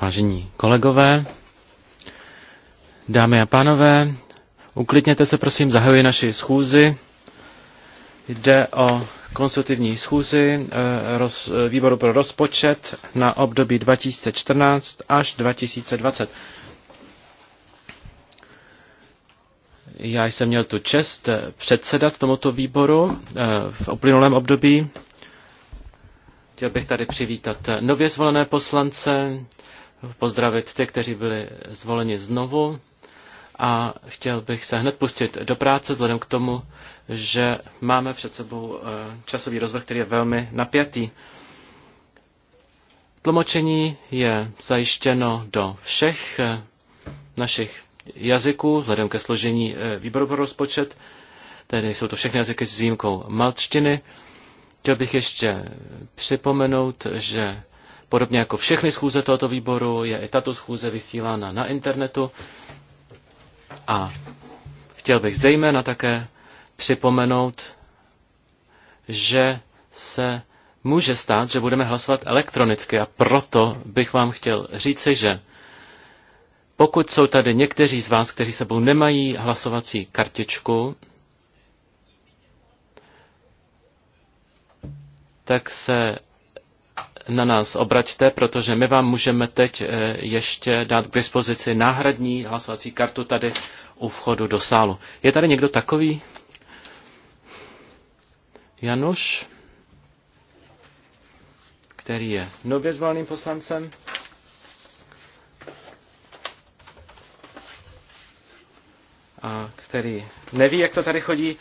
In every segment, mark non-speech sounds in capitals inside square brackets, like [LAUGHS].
Vážení kolegové, dámy a pánové, uklidněte se prosím, zahajuji naši schůzi. Jde o konsultivní schůzi eh, roz, výboru pro rozpočet na období 2014 až 2020. Já jsem měl tu čest předsedat tomuto výboru eh, v uplynulém období Chtěl bych tady přivítat nově zvolené poslance, pozdravit ty, kteří byli zvoleni znovu a chtěl bych se hned pustit do práce vzhledem k tomu, že máme před sebou eh, časový rozvrh, který je velmi napjatý. Tlumočení je zajištěno do všech eh, našich jazyků, vzhledem ke složení eh, výboru pro rozpočet, tedy jsou to všechny jazyky s výjimkou malčtiny. Chtěl bych ještě připomenout, že podobně jako všechny schůze tohoto výboru je i tato schůze vysílána na internetu a chtěl bych zejména také připomenout, že se může stát, že budeme hlasovat elektronicky a proto bych vám chtěl říci, že pokud jsou tady někteří z vás, kteří sebou nemají hlasovací kartičku, tak se na nás obraťte, protože my vám můžeme teď eh, ještě dát k dispozici náhradní hlasovací kartu tady u vchodu do sálu. Je tady někdo takový? Januš, který je nově zvoleným poslancem. A který neví, jak to tady chodí.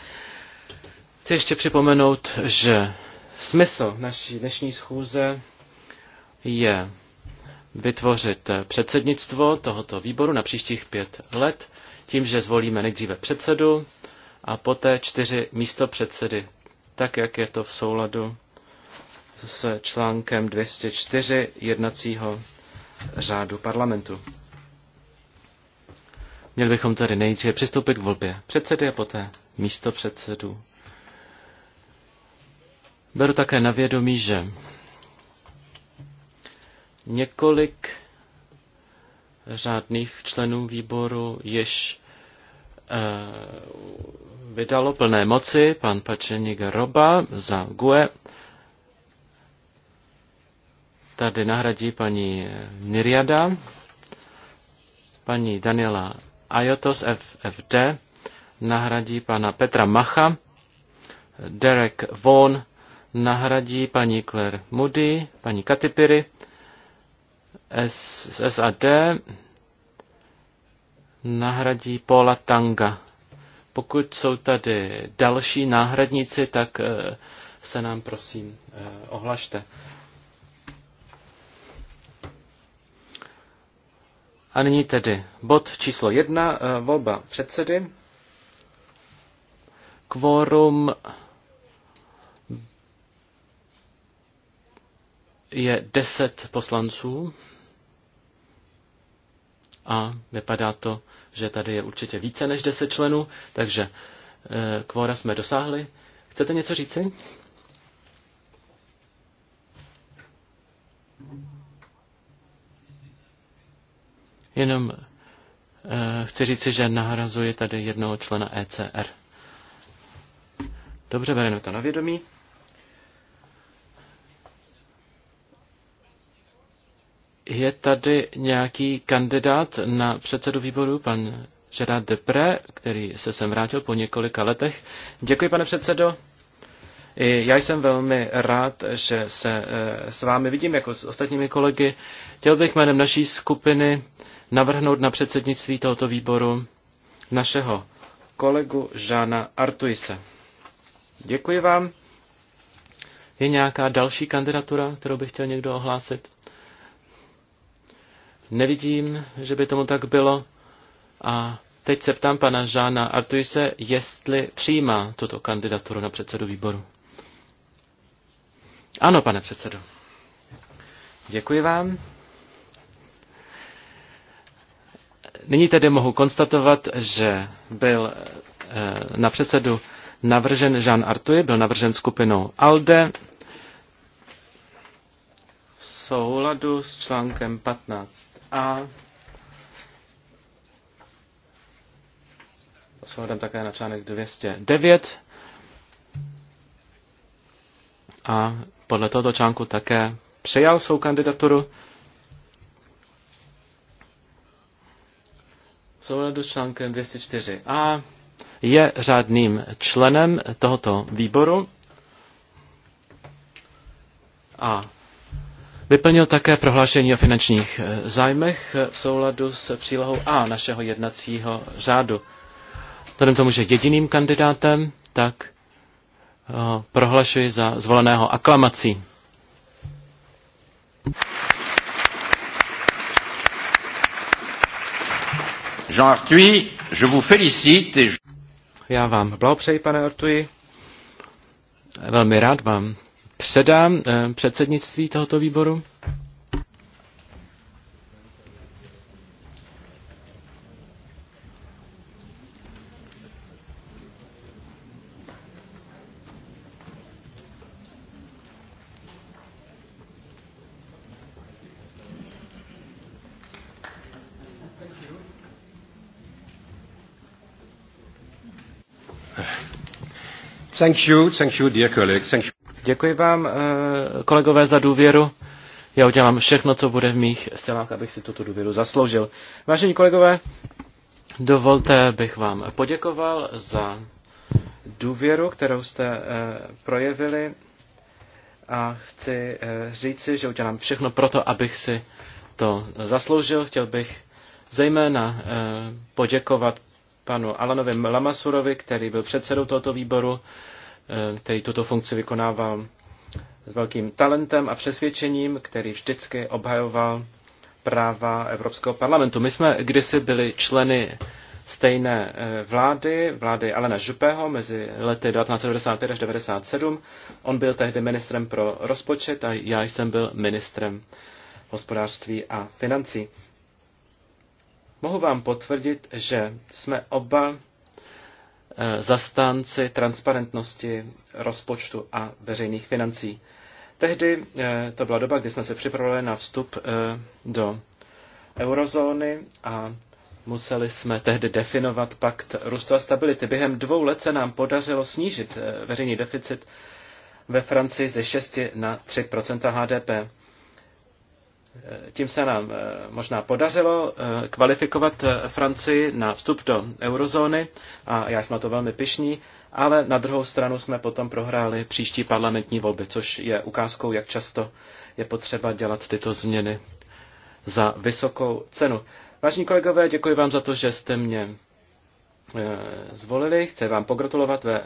Chci ještě připomenout, že Smysl naší dnešní schůze je vytvořit předsednictvo tohoto výboru na příštích pět let tím, že zvolíme nejdříve předsedu a poté čtyři místo předsedy, tak jak je to v souladu s článkem 204 jednacího řádu parlamentu. Měli bychom tady nejdříve přistoupit k volbě předsedy a poté místo předsedu Beru také na vědomí, že několik řádných členů výboru již eh, vydalo plné moci pan Pačeník Roba za GUE. Tady nahradí paní Niriada, paní Daniela Ajotos FFD, nahradí pana Petra Macha, Derek Vaughan nahradí paní Claire Moody, paní Katipiry z SAD, nahradí Paula Tanga. Pokud jsou tady další náhradníci, tak eh, se nám prosím eh, ohlašte. A nyní tedy bod číslo jedna, eh, volba předsedy. Kvorum je deset poslanců a vypadá to, že tady je určitě více než deset členů, takže eh, kvóra jsme dosáhli. Chcete něco říci? Jenom eh, chci říci, že nahrazuji tady jednoho člena ECR. Dobře, bereme to na vědomí. Je tady nějaký kandidát na předsedu výboru, pan Gerard Depre, který se sem vrátil po několika letech. Děkuji, pane předsedo. Já jsem velmi rád, že se eh, s vámi vidím, jako s ostatními kolegy. Chtěl bych jménem naší skupiny navrhnout na předsednictví tohoto výboru našeho kolegu Žána Artuise. Děkuji vám. Je nějaká další kandidatura, kterou by chtěl někdo ohlásit? Nevidím, že by tomu tak bylo. A teď se ptám pana Žána Artuise, jestli přijímá tuto kandidaturu na předsedu výboru. Ano, pane předsedo. Děkuji vám. Nyní tedy mohu konstatovat, že byl eh, na předsedu navržen Jean Artuje, byl navržen skupinou ALDE v souladu s článkem 15 a to s ohledem také na článek 209 a podle tohoto článku také přijal svou kandidaturu v s článkem 204a je řádným členem tohoto výboru a Vyplnil také prohlášení o finančních eh, zájmech eh, v souladu s přílohou A našeho jednacího řádu. Vzhledem tomu, že jediným kandidátem, tak eh, prohlašuji za zvoleného aklamací. Jean Artuy, je vous félicite. Et... Já vám blahopřeji, pane Artui. Velmi rád vám předám eh, předsednictví tohoto výboru. Thank you, thank you, dear colleagues, Thank you. Děkuji vám, eh, kolegové, za důvěru. Já udělám všechno, co bude v mých silách, abych si tuto důvěru zasloužil. Vážení kolegové, dovolte, bych vám poděkoval za důvěru, kterou jste eh, projevili a chci eh, říci, že udělám všechno proto, abych si to zasloužil. Chtěl bych zejména poděkovat panu Alanovi Lamasurovi, který byl předsedou tohoto výboru, Eh, který tuto funkci vykonával s velkým talentem a přesvědčením, který vždycky obhajoval práva Evropského parlamentu. My jsme kdysi byli členy stejné eh, vlády, vlády Alena Župého mezi lety 1995 až 1997. On byl tehdy ministrem pro rozpočet a já jsem byl ministrem hospodářství a financí. Mohu vám potvrdit, že jsme oba Eh, zastánci transparentnosti rozpočtu a veřejných financí. Tehdy eh, to byla doba, kdy jsme se připravovali na vstup eh, do eurozóny a museli jsme tehdy definovat pakt růstu a stability. Během dvou let se nám podařilo snížit veřejný deficit ve Francii ze 6 na 3 HDP. Eh, tím se nám eh, možná podařilo eh, kvalifikovat Francii na vstup do eurozóny a já jsem na to velmi pišný, ale na druhou stranu jsme potom prohráli příští parlamentní volby, což je ukázkou, jak často je potřeba dělat tyto změny za vysokou cenu. Vážení kolegové, děkuji vám za to, že jste mě zvolili. Chci vám pogratulovat ve,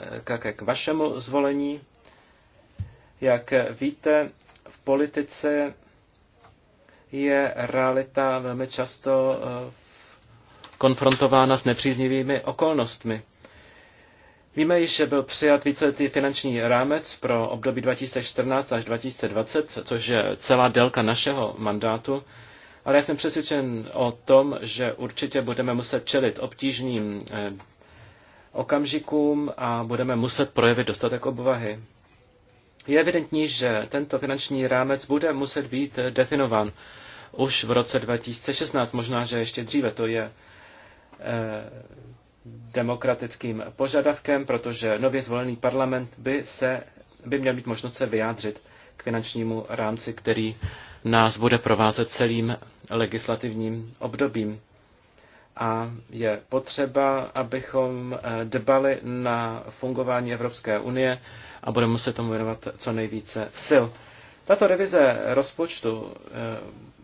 k vašemu zvolení. Jak víte, v politice je realita velmi často eh, konfrontována s nepříznivými okolnostmi. Víme již, že byl přijat víceletý finanční rámec pro období 2014 až 2020, což je celá délka našeho mandátu, ale já jsem přesvědčen o tom, že určitě budeme muset čelit obtížným eh, okamžikům a budeme muset projevit dostatek obvahy. Je evidentní, že tento finanční rámec bude muset být definován už v roce 2016, možná, že ještě dříve. To je eh, demokratickým požadavkem, protože nově zvolený parlament by, se, by měl mít možnost se vyjádřit k finančnímu rámci, který nás bude provázet celým legislativním obdobím. A je potřeba, abychom eh, dbali na fungování Evropské unie a budeme muset tomu věnovat co nejvíce sil. Tato revize rozpočtu eh,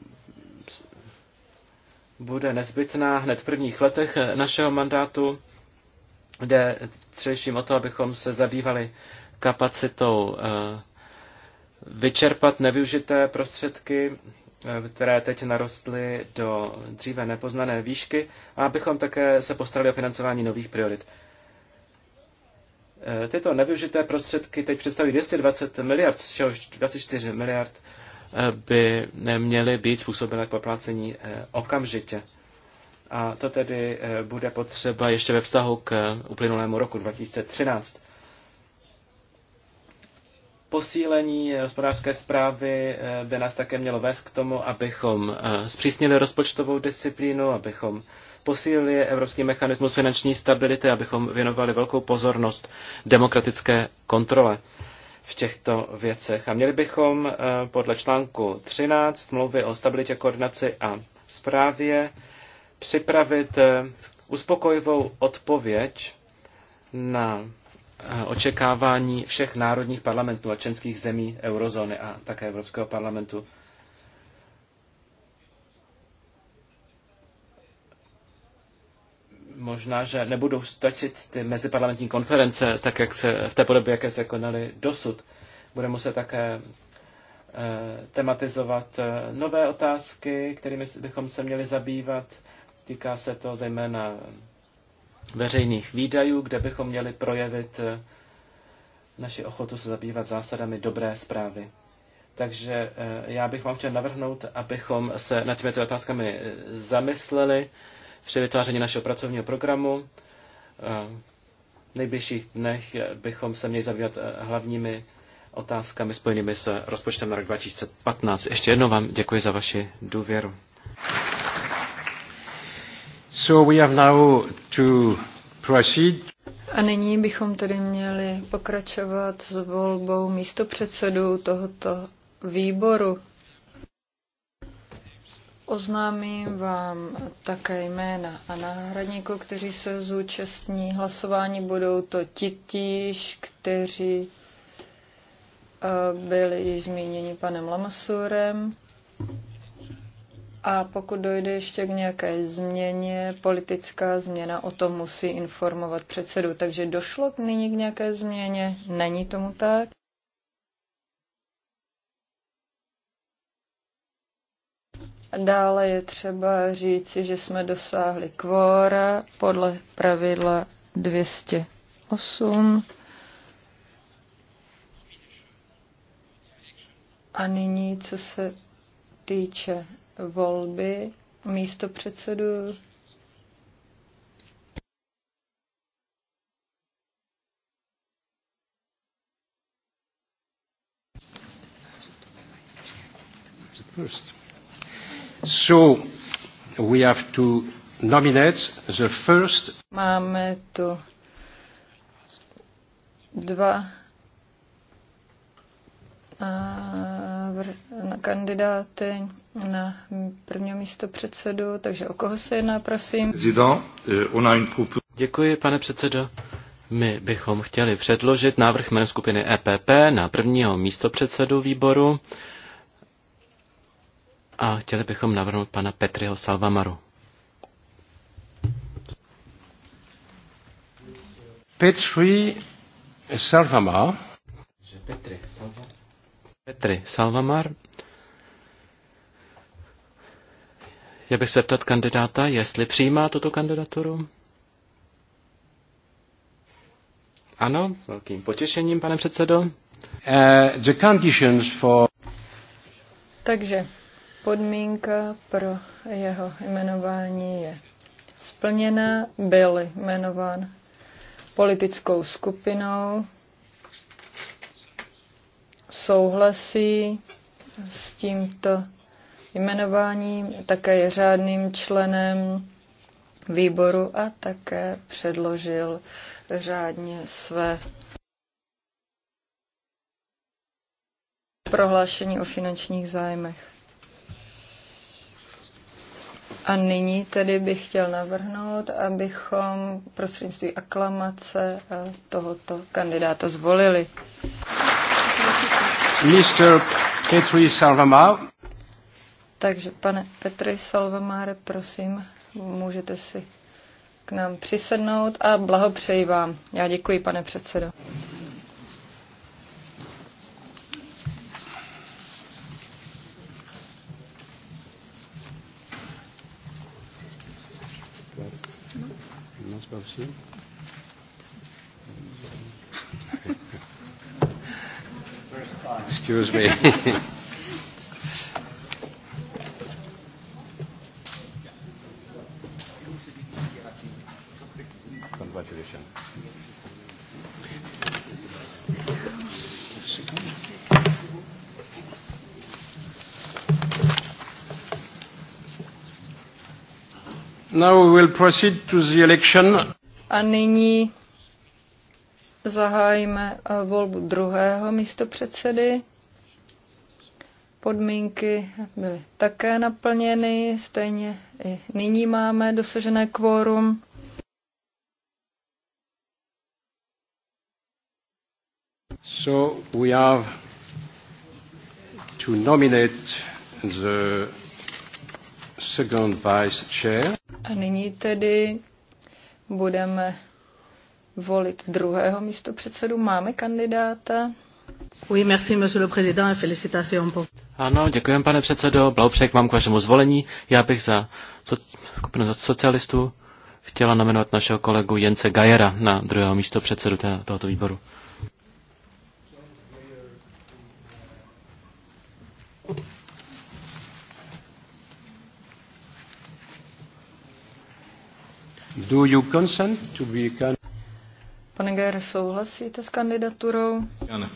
bude nezbytná hned v prvních letech našeho mandátu. Jde především o to, abychom se zabývali kapacitou eh, vyčerpat nevyužité prostředky, eh, které teď narostly do dříve nepoznané výšky, a abychom také se postarali o financování nových priorit. Eh, tyto nevyužité prostředky teď představují 220 miliard, z čehož 24 miliard by měly být způsobené k poplácení eh, okamžitě. A to tedy eh, bude potřeba ještě ve vztahu k uplynulému roku 2013. Posílení eh, hospodářské zprávy by nás také mělo vést k tomu, abychom zpřísnili rozpočtovou disciplínu, abychom posílili evropský mechanismus finanční stability, abychom věnovali velkou pozornost demokratické kontrole v těchto věcech. A měli bychom eh, podle článku 13 smlouvy o stabilitě, koordinaci a správě připravit eh, uspokojivou odpověď na eh, očekávání všech národních parlamentů a členských zemí eurozóny a také Evropského parlamentu. možná, že nebudou stačit ty meziparlamentní konference, tak jak se v té podobě, jaké se konaly dosud. Bude muset také eh, tematizovat eh, nové otázky, kterými bychom se měli zabývat. Týká se to zejména veřejných výdajů, kde bychom měli projevit eh, naši ochotu se zabývat zásadami dobré zprávy. Takže já bych vám chtěl navrhnout, abychom se nad těmito otázkami zamysleli při vytváření našeho pracovního programu. Eh, v nejbližších dnech bychom se měli zabývat eh, hlavními otázkami spojenými s rozpočtem na rok 2015. Ještě jednou vám děkuji za vaši důvěru. So we have now to proceed. A nyní bychom tedy měli pokračovat s volbou místopředsedů tohoto výboru. Oznámím vám také jména a náhradníků, kteří se zúčastní hlasování. Budou to titíž, kteří eh, byli již zmíněni panem Lamasurem. A pokud dojde ještě k nějaké změně, politická změna, o tom musí informovat předsedu. Takže došlo k nyní k nějaké změně? Není tomu tak? Dále je třeba říci, že jsme dosáhli kvóra podle pravidla 208. A nyní, co se týče volby místo předsedu first. So we have to nominate the first. Máme tu dva na kandidáty na prvního místo předsedu, takže o koho se jedná, prosím? Eh, Děkuji, pane předsedo. My bychom chtěli předložit návrh jménem skupiny EPP na prvního místo předsedu výboru a chtěli bychom navrhnout pana Petriho Salvamaru. Petri Salvamar. Petri, Salva... Petri Salvamar. Já bych se ptat kandidáta, jestli přijímá tuto kandidaturu. Ano, s velkým potěšením, pane předsedo. Uh, the conditions for... Takže Podmínka pro jeho jmenování je splněna. Byl jmenován politickou skupinou, souhlasí s tímto jmenováním, také je řádným členem výboru a také předložil řádně své prohlášení o finančních zájmech. A nyní tedy bych chtěl navrhnout, abychom prostřednictví aklamace eh, tohoto kandidáta zvolili. Mr. Petri Salvamar. Takže pane Petri Salvamare, prosím, můžete si k nám přisednout a blahopřeji vám. Já děkuji, pane předsedo. Excuse me. [LAUGHS] will proceed to the election. A nyní zahájíme eh, volbu druhého místopředsedy. Podmínky byly také naplněny, stejně i nyní máme dosažené kvórum. So we have to nominate the second vice chair. A nyní tedy budeme volit druhého místo předsedu. Máme kandidáta. Oui, merci, monsieur le président, félicitations pour... Ano, děkujeme, pane předsedo, blahopřeji k vám k vašemu zvolení. Já bych za skupinu socialistů chtěla nominovat našeho kolegu Jence Gajera na druhého místo předsedu tohoto výboru. Do you consent to be Pane Gere, souhlasíte s kandidaturou? Ano.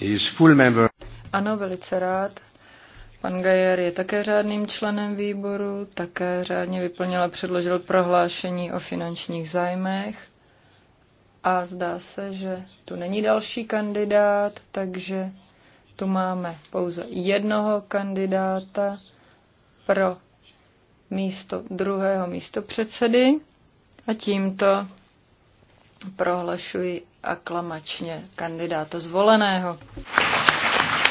Is full member. Ano, velice rád. Pan Gajer je také řádným členem výboru, také řádně vyplnil a předložil prohlášení o finančních zájmech. A zdá se, že tu není další kandidát, takže tu máme pouze jednoho kandidáta pro místo druhého místo předsedy a tímto prohlašuji aklamačně kandidáta zvoleného.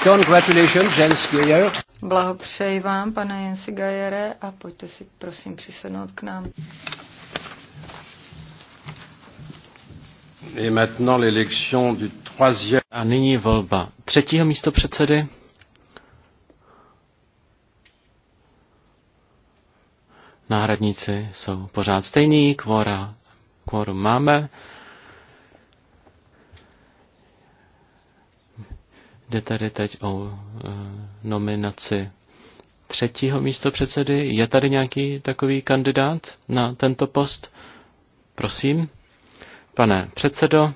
Congratulations, Jens Geyer. Blahopřeji vám, pane Jensi Gajere, a pojďte si prosím přisednout k nám. A nyní volba třetího místo předsedy. náhradníci jsou pořád stejní, kvora, kvorum máme. Jde tady teď o e, nominaci třetího místo předsedy. Je tady nějaký takový kandidát na tento post? Prosím. Pane předsedo,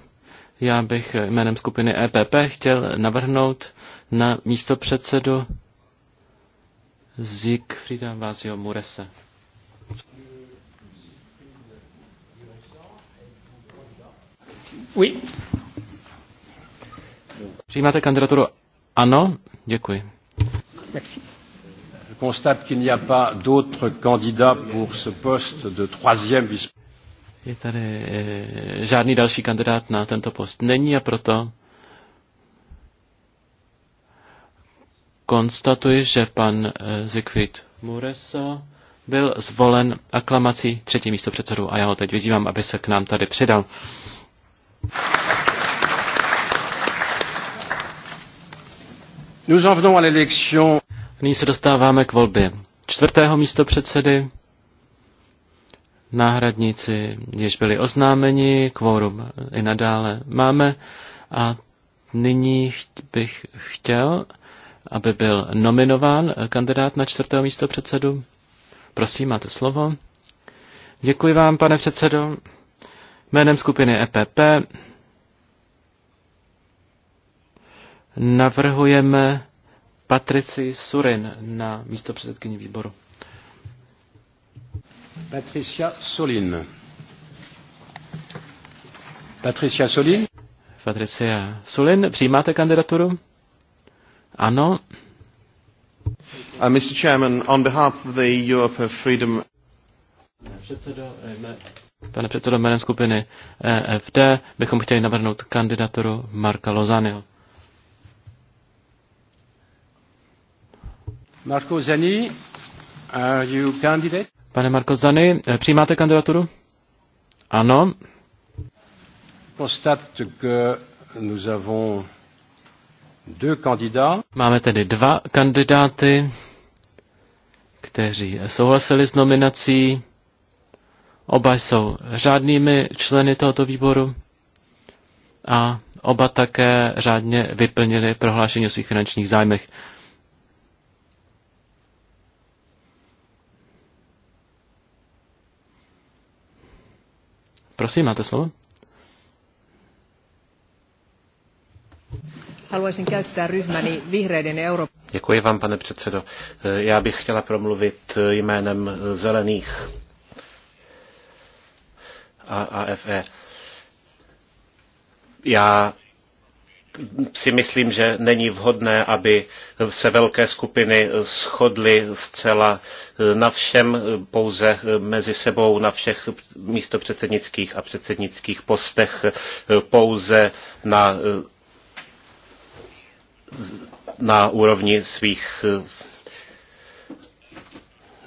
já bych jménem skupiny EPP chtěl navrhnout na místo předsedu Zigfrida Vázio Murese. Oui. Přijímáte kandidaturu? Ano, děkuji. Merci. Je constate qu'il n'y a pas d'autres candidats pour ce poste de troisième vice Je tady eh, žádný další kandidát na tento post není a proto konstatuji, že pan eh, Zikvit Muresa byl zvolen aklamací třetí místo předsedu a já ho teď vyzývám, aby se k nám tady přidal. Nyní se dostáváme k volbě čtvrtého místo předsedy. Náhradníci již byli oznámeni, kvórum i nadále máme. A nyní bych chtěl, aby byl nominován kandidát na čtvrtého místo předsedu. Prosím, máte slovo. Děkuji vám, pane předsedo. Jménem skupiny EPP navrhujeme Patrici Surin na místo předsedkyní výboru. Patricia Solin. Patricia Solin? Patricia Solin, přijímáte kandidaturu? Ano. Uh, Mr. Chairman, on behalf of the Europe of Freedom... Eh, Pane předsedo, jménem skupiny EFD bychom chtěli navrhnout kandidaturu Marka Lozanyho. Marko Zani, are you candidate? Pane Marko Zani, eh, přijímáte kandidaturu? Ano. Constate que nous avons deux candidats. Máme tedy dva kandidáty kteří souhlasili s nominací. Oba jsou řádnými členy tohoto výboru a oba také řádně vyplnili prohlášení o svých finančních zájmech. Prosím, máte slovo? Děkuji vám, pane předsedo. Eh, já bych chtěla promluvit eh, jménem eh, zelených a AFE. Já si myslím, že není vhodné, aby se velké skupiny shodly zcela na všem, pouze mezi sebou, na všech místopředsednických a předsednických postech, pouze na na úrovni svých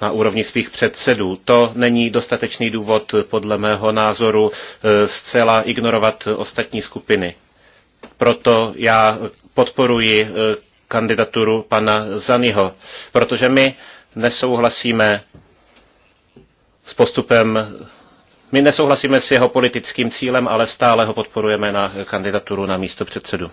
na úrovni svých předsedů. To není dostatečný důvod, podle mého názoru, eh, zcela ignorovat ostatní skupiny. Proto já podporuji eh, kandidaturu pana Zaniho, protože my nesouhlasíme s postupem, my nesouhlasíme s jeho politickým cílem, ale stále ho podporujeme na kandidaturu na místo předsedu.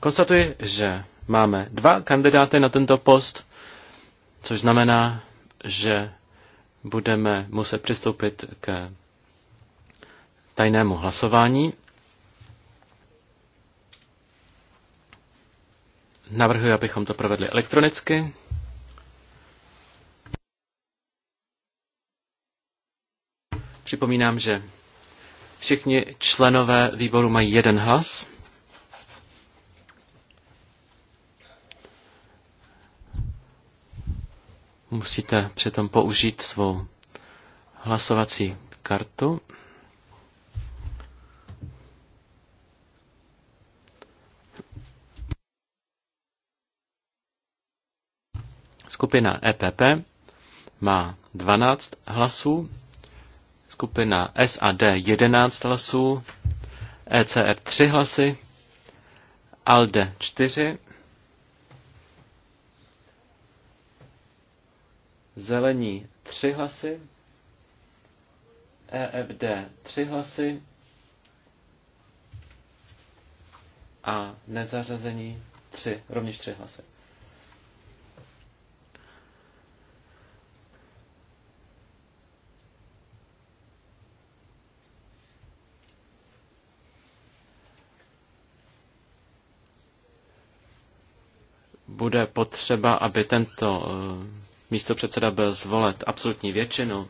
Konstatuji, že máme dva kandidáty na tento post, což znamená, že budeme muset přistoupit k tajnému hlasování. Navrhuji, abychom to provedli elektronicky. Připomínám, že Všichni členové výboru mají jeden hlas. Musíte přitom použít svou hlasovací kartu. Skupina EPP má 12 hlasů, skupina SAD 11 hlasů, ECR 3 hlasy, ALDE 4, Zelení 3 hlasy, EFD 3 hlasy a nezařazení 3, rovněž 3 hlasy. bude potřeba, aby tento eh, místo předseda byl zvolen absolutní většinu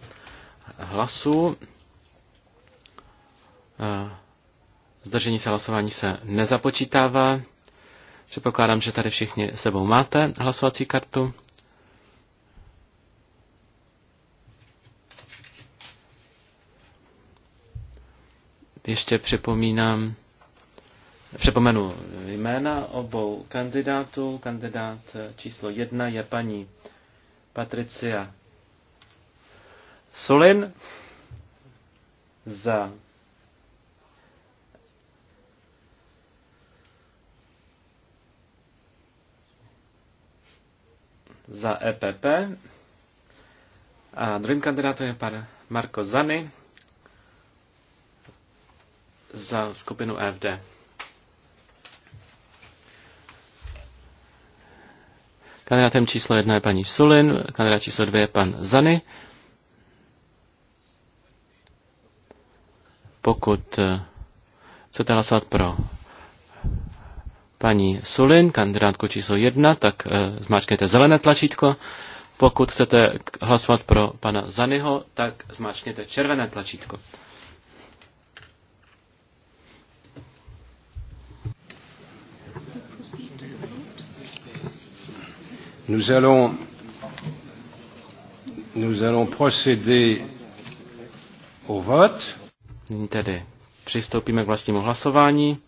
hlasů. Eh, zdržení se hlasování se nezapočítává. Předpokládám, že tady všichni sebou máte hlasovací kartu. Ještě připomínám, Připomenu jména obou kandidátů. Kandidát číslo jedna je paní Patricia Solin za za EPP. A druhým kandidátem je pan Marko Zany za skupinu e FD. Kandidátem číslo jedna je paní Sulin, kandidát číslo dvě je pan Zany. Pokud eh, chcete hlasovat pro paní Sulin, kandidátku číslo jedna, tak eh, zmáčkněte zelené tlačítko. Pokud chcete hlasovat pro pana Zanyho, tak zmáčkněte červené tlačítko. Nous allons, nous allons procéder au vote. Nyní tedy přistoupíme k vlastnímu hlasování.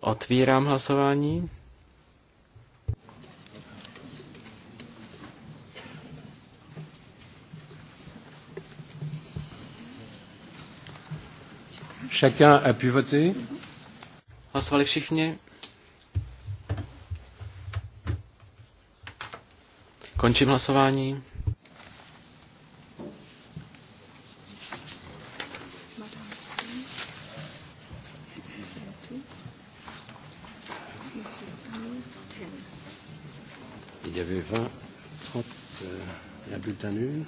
Otvírám hlasování. Chacun a pu voter. Hlasovali všichni? Končím hlasování. Il y avait 20, 30, euh, la bulletin nul.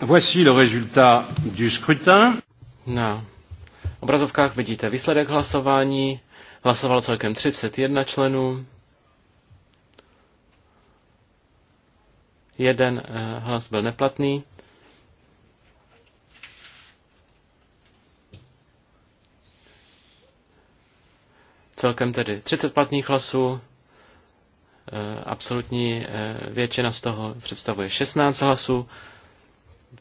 Voici le résultat du scrutin. Non obrazovkách vidíte výsledek hlasování. Hlasovalo celkem 31 členů. Jeden eh, hlas byl neplatný. Celkem tedy 30 platných hlasů. Eh, absolutní eh, většina z toho představuje 16 hlasů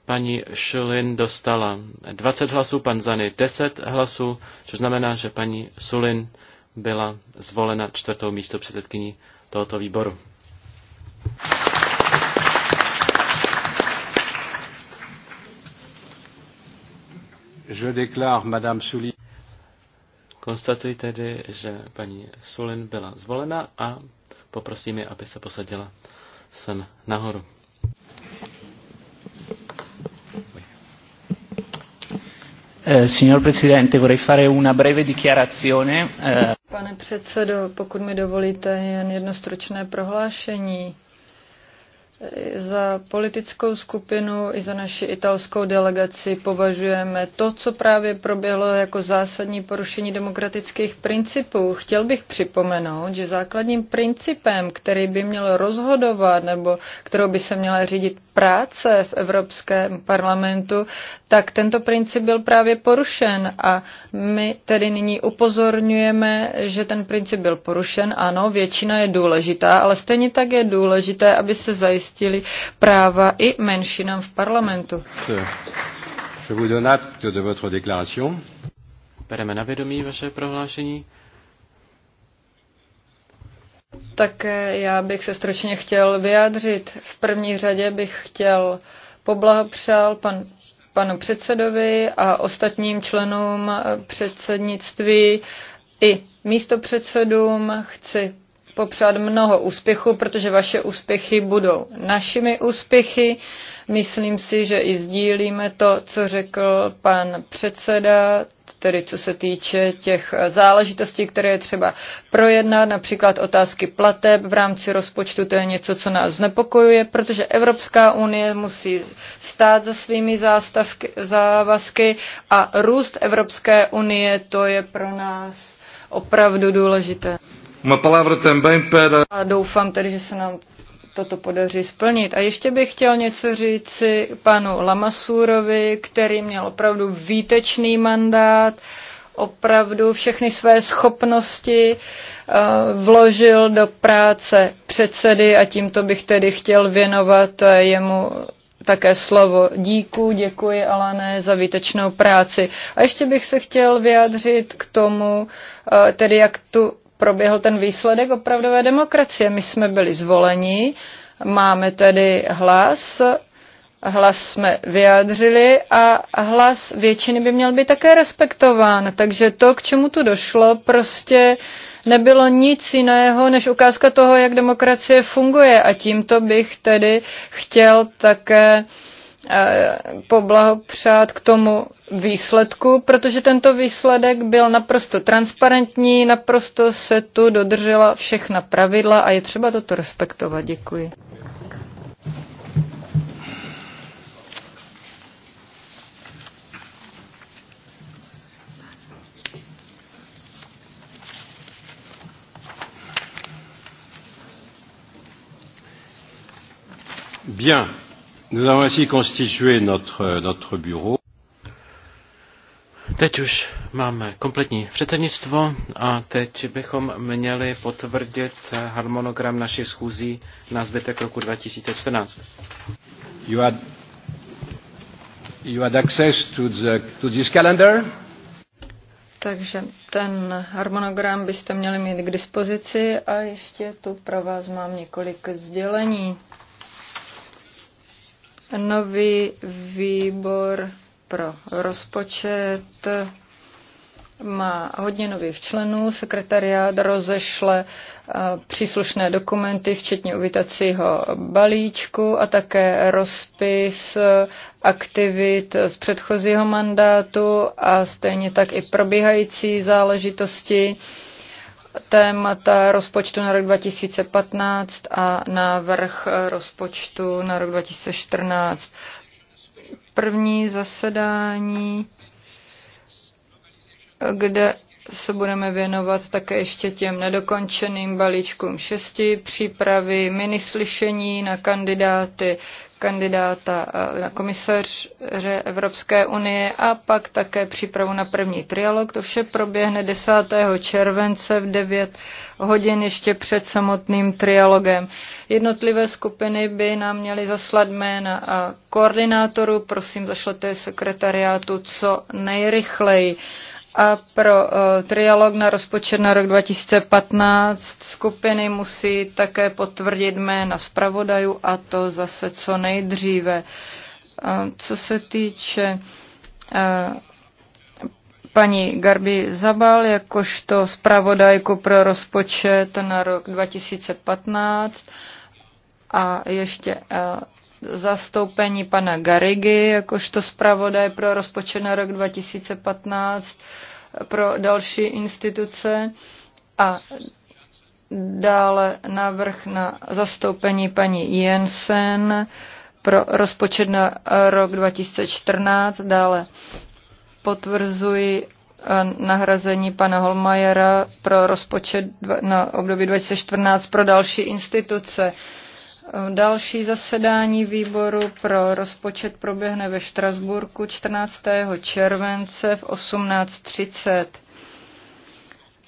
paní Šulin dostala 20 hlasů, pan Zany 10 hlasů, což znamená, že paní Sulin byla zvolena čtvrtou místo předsedkyní tohoto výboru. Je déclare Madame Sulin. Konstatuji tedy, že paní Sulin byla zvolena a poprosím ji, aby se posadila sem nahoru. Eh, signor Presidente, vorrei fare una breve dichiarazione. Eh. Pane předsedo, pokud mi dovolíte, jen jedno stručné prohlášení. Za politickou skupinu i za naši italskou delegaci považujeme to, co právě proběhlo jako zásadní porušení demokratických principů. Chtěl bych připomenout, že základním principem, který by měl rozhodovat nebo kterou by se měla řídit práce v Evropském parlamentu, tak tento princip byl právě porušen a my tedy nyní upozorňujeme, že ten princip byl porušen. Ano, většina je důležitá, ale stejně tak je důležité, aby se zajistilo, zajistili práva i menšinám v parlamentu. Je vous donne acte de votre déclaration. Bereme na vědomí vaše prohlášení. Tak eh, já bych se stručně chtěl vyjádřit. V první řadě bych chtěl poblahopřál pan, panu předsedovi a ostatním členům eh, předsednictví i místopředsedům. Chci popřát mnoho úspěchu, protože vaše úspěchy budou našimi úspěchy. Myslím si, že i sdílíme to, co řekl pan předseda, tedy co se týče těch záležitostí, které je třeba projednat, například otázky plateb v rámci rozpočtu, to je něco, co nás znepokojuje, protože Evropská unie musí stát za svými zástavky, závazky a růst Evropské unie, to je pro nás opravdu důležité. Uma palavra também para... A doufám tedy, že se nám toto podaří splnit. A ještě bych chtěl něco říci panu Lamasurovi, který měl opravdu výtečný mandát, opravdu všechny své schopnosti eh, vložil do práce předsedy a tímto bych tedy chtěl věnovat eh, jemu také slovo díku, děkuji Alané za výtečnou práci. A ještě bych se chtěl vyjádřit k tomu, eh, tedy jak tu proběhl ten výsledek opravdové demokracie. My jsme byli zvoleni, máme tedy hlas, hlas jsme vyjádřili a hlas většiny by měl být také respektován. Takže to, k čemu tu došlo, prostě nebylo nic jiného než ukázka toho, jak demokracie funguje. A tímto bych tedy chtěl také uh, Eh, poblahopřát k tomu výsledku, protože tento výsledek byl naprosto transparentní, naprosto se tu dodržela všechna pravidla a je třeba toto respektovat. Děkuji. Bien. Nous avons ainsi constitué notre, notre bureau. Teď už máme kompletní předsednictvo a teď bychom měli potvrdit harmonogram našich schůzí na zbytek roku 2014. You had, you had access to, the, to this calendar? Takže ten harmonogram byste měli mít k dispozici a ještě tu pro vás mám několik sdělení. Nový výbor pro rozpočet má hodně nových členů. Sekretariát rozešle eh, příslušné dokumenty, včetně uvítacího balíčku a také rozpis eh, aktivit z předchozího mandátu a stejně tak i probíhající záležitosti témata rozpočtu na rok 2015 a návrh rozpočtu na rok 2014. První zasedání, kde se budeme věnovat také ještě těm nedokončeným balíčkům šesti, přípravy minislyšení na kandidáty kandidáta eh, na komisaře Evropské unie a pak také přípravu na první trialog. To vše proběhne 10. července v 9 hodin ještě před samotným trialogem. Jednotlivé skupiny by nám měly zaslat jména a koordinátoru. Prosím, zašlete sekretariátu co nejrychleji. A pro uh, trialog na rozpočet na rok 2015 skupiny musí také potvrdit jména zpravodajů a to zase co nejdříve. Uh, co se týče uh, paní Garbi Zabal jakožto zpravodajku pro rozpočet na rok 2015 a ještě zastoupení pana Garigy, jakožto zpravodaj pro rozpočet na rok 2015 pro další instituce a dále návrh na zastoupení paní Jensen pro rozpočet na rok 2014. Dále potvrzuji eh, nahrazení pana Holmajera pro rozpočet na období 2014 pro další instituce. Další zasedání výboru pro rozpočet proběhne ve Štrasburku 14. července v 18.30.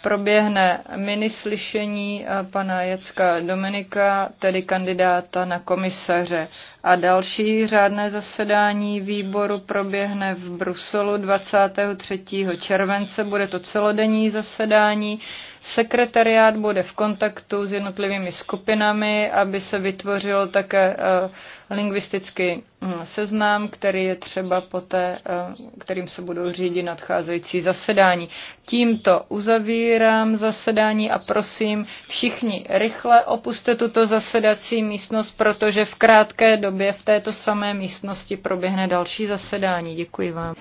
Proběhne minislyšení eh, pana Jecka Dominika, tedy kandidáta na komisaře. A další řádné zasedání výboru proběhne v Bruselu 23. července. Bude to celodenní zasedání Sekretariát bude v kontaktu s jednotlivými skupinami, aby se vytvořil také eh, lingvistický hm, seznam, který je třeba poté, eh, kterým se budou řídit nadcházející zasedání. Tímto uzavírám zasedání a prosím všichni rychle opuste tuto zasedací místnost, protože v krátké době v této samé místnosti proběhne další zasedání. Děkuji vám.